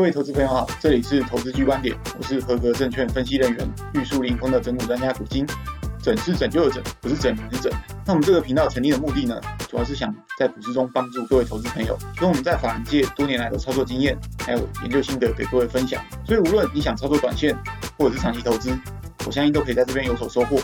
各位投資朋友好，這裡是投資 G 觀點，我是合格證券分析人員、玉樹臨風的整股專家古金。整是拯救的拯，不是整，不是整。那我們這個頻道成立的目的呢，主要是想在股市中幫助各位投資朋友，用我們在法人界多年來的操作經驗，還有研究心得給各位分享。所以無論你想操作短線，或者是長期投資，我相信都可以在這邊有所收穫。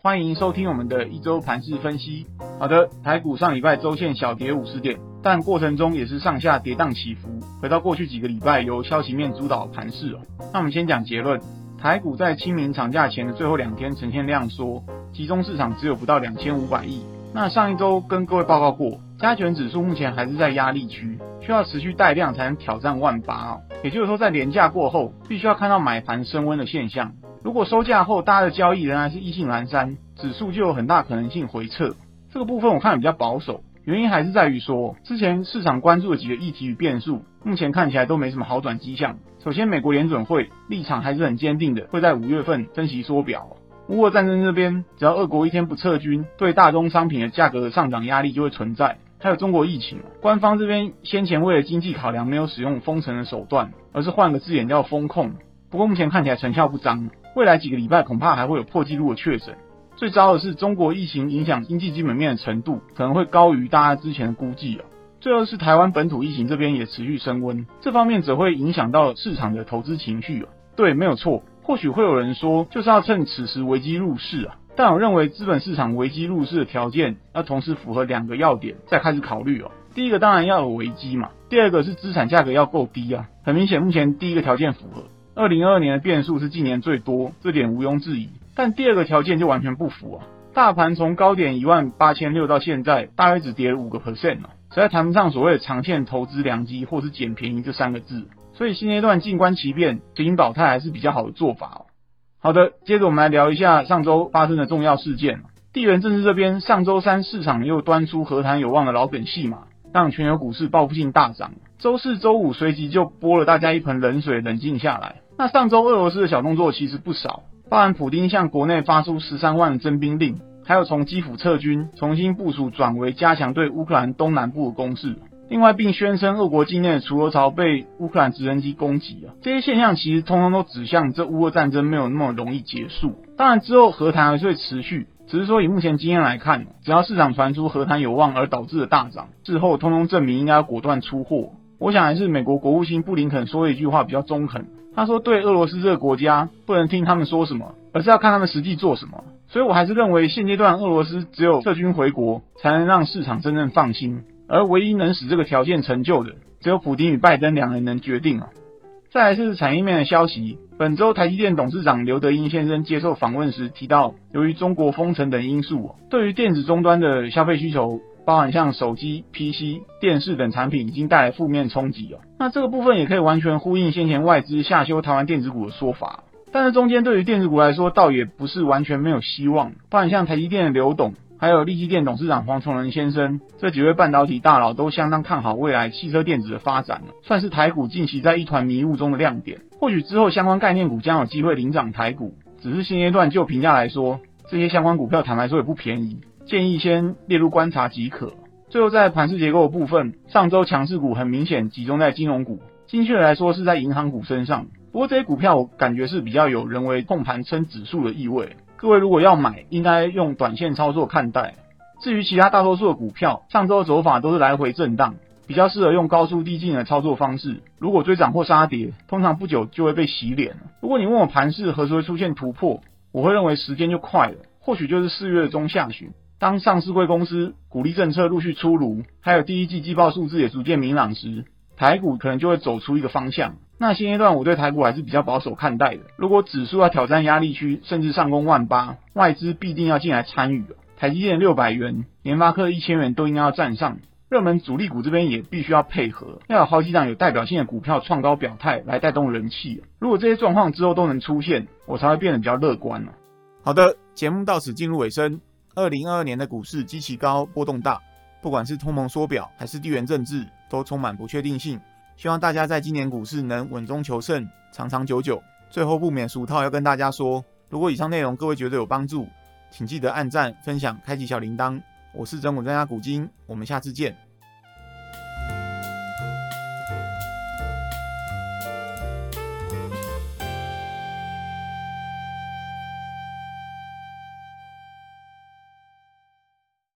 歡迎收聽我們的一周盤勢分析。好的，台股上禮拜周線小跌五十點。但過程中也是上下跌宕起伏。回到過去幾個禮拜，由消息面主導盤勢哦。那我們先講結論，台股在清明長假前的最後兩天呈現量縮，集中市場只有不到兩千五百億。那上一周跟各位報告過，加權指數目前還是在壓力區，需要持續帶量才能挑戰萬八哦、喔。也就是說，在連假過後，必須要看到買盤升溫的現象。如果收假後大家的交易仍然是意興闌珊，指數就有很大可能性回撤。這個部分我看比較保守。原因還是在於說，之前市場關注的幾個議題與變數，目前看起來都沒什麼好轉跡象。首先，美國聯準會立場還是很堅定的，會在五月份升息縮表。烏俄戰爭這邊，只要俄國一天不撤軍，對大宗商品的價格的上漲壓力就會存在。還有中國疫情，官方這邊先前為了經濟考量，沒有使用封城的手段，而是換個字眼叫封控。不過目前看起來成效不彰，未來幾個禮拜恐怕還會有破紀錄的確診。最糟的是，中國疫情影響經濟基本面的程度可能會高於大家之前的估計哦，最後是台灣本土疫情這邊也持續升溫，這方面則會影響到市場的投資情緒哦，對，沒有錯。或許會有人說，就是要趁此時危機入市啊。但我認為資本市場危機入市的條件要同時符合兩個要點，再開始考慮哦。第一個當然要有危機嘛，第二個是資產價格要夠低啊。很明顯，目前第一個條件符合，二零二二年的變數是近年最多，這點毋庸置疑。但第二個條件就完全不符啊！大盤從高點一萬八千六到現在，大約只跌了五個 percent 哦，啊、實在談不上所謂的長線投資良機或是撿便宜這三個字。所以現階段靜觀其變、平保態還是比較好的做法、啊、好的，接着我們來聊一下上周發生的重要事件、啊。地緣政治這邊，上周三市場又端出和談有望的老梗戲碼，讓全球股市報復性大漲。周四、周五隨即就潑了大家一盆冷水，冷靜下來。那上周俄羅斯的小動作其實不少。包含普丁向國內發出十三萬的徵兵令，還有從基輔撤軍，重新部署轉為加強對烏克蘭東南部的攻勢。另外，並宣稱俄國境內的儲油槽被烏克蘭直升機攻擊啊，這些現象其實通通都指向這烏俄戰爭沒有那麼容易結束。當然，之後和談還是會持續，只是說以目前經驗來看，只要市場傳出和談有望而導致的大漲，事後通通證明應該要果斷出貨。我想還是美國國務卿布林肯說的一句話比較中肯。他說：“對俄羅斯這個國家，不能聽他們說什麼，而是要看他們實際做什麼。所以，我還是認為現階段俄羅斯只有撤軍回國，才能讓市場真正放心。而唯一能使這個條件成就的，只有普丁與拜登兩人能決定啊。”再來是產業面的消息，本周台積電董事長劉德音先生接受訪問時提到，由於中國封城等因素啊，對於電子終端的消費需求。包含像手機、PC、電視等產品已經帶來負面衝擊了。那這個部分也可以完全呼應先前外資下修台灣電子股的說法。但是中間對於電子股來說，倒也不是完全沒有希望。包含像台積電的劉董，還有力積電董事長黃崇仁先生，這幾位半導體大佬都相當看好未來汽車電子的發展了，算是台股近期在一團迷霧中的亮點。或許之後相關概念股將有機會領漲台股，只是現階段就評價來說，這些相關股票坦白說也不便宜。建議先列入觀察即可。最後，在盤勢結構的部分，上周強勢股很明顯集中在金融股，精確來說是在銀行股身上。不過這些股票我感覺是比較有人為控盤撐指數的意味。各位如果要買，應該用短線操作看待。至於其他大多數的股票，上周走法都是來回震盪，比較適合用高速低進的操作方式。如果追漲或殺跌，通常不久就會被洗臉了。如果你問我盤勢何時會出現突破，我會認為時間就快了，或許就是四月中下旬。當上市櫃公司鼓勵政策陸續出爐，還有第一季季報數字也逐漸明朗時，台股可能就會走出一個方向。那現階段我對台股還是比較保守看待的。如果指數要挑戰壓力區，甚至上攻萬八，外資必定要進來參與了。台積電六百元、聯發科一千元都應該要站上，熱門主力股這邊也必須要配合，要有好幾檔有代表性的股票創高表態來帶動人氣。如果這些狀況之後都能出現，我才會變得比較樂觀了。好的，節目到此進入尾聲。二零二二年的股市極其高，波動大，不管是通膨、縮表還是地緣政治，都充滿不確定性。希望大家在今年股市能穩中求勝，長長久久。最後不免俗套，要跟大家說，如果以上內容各位覺得有幫助，請記得按讚、分享、開啟小鈴鐺。我是整股專家古今，我們下次見。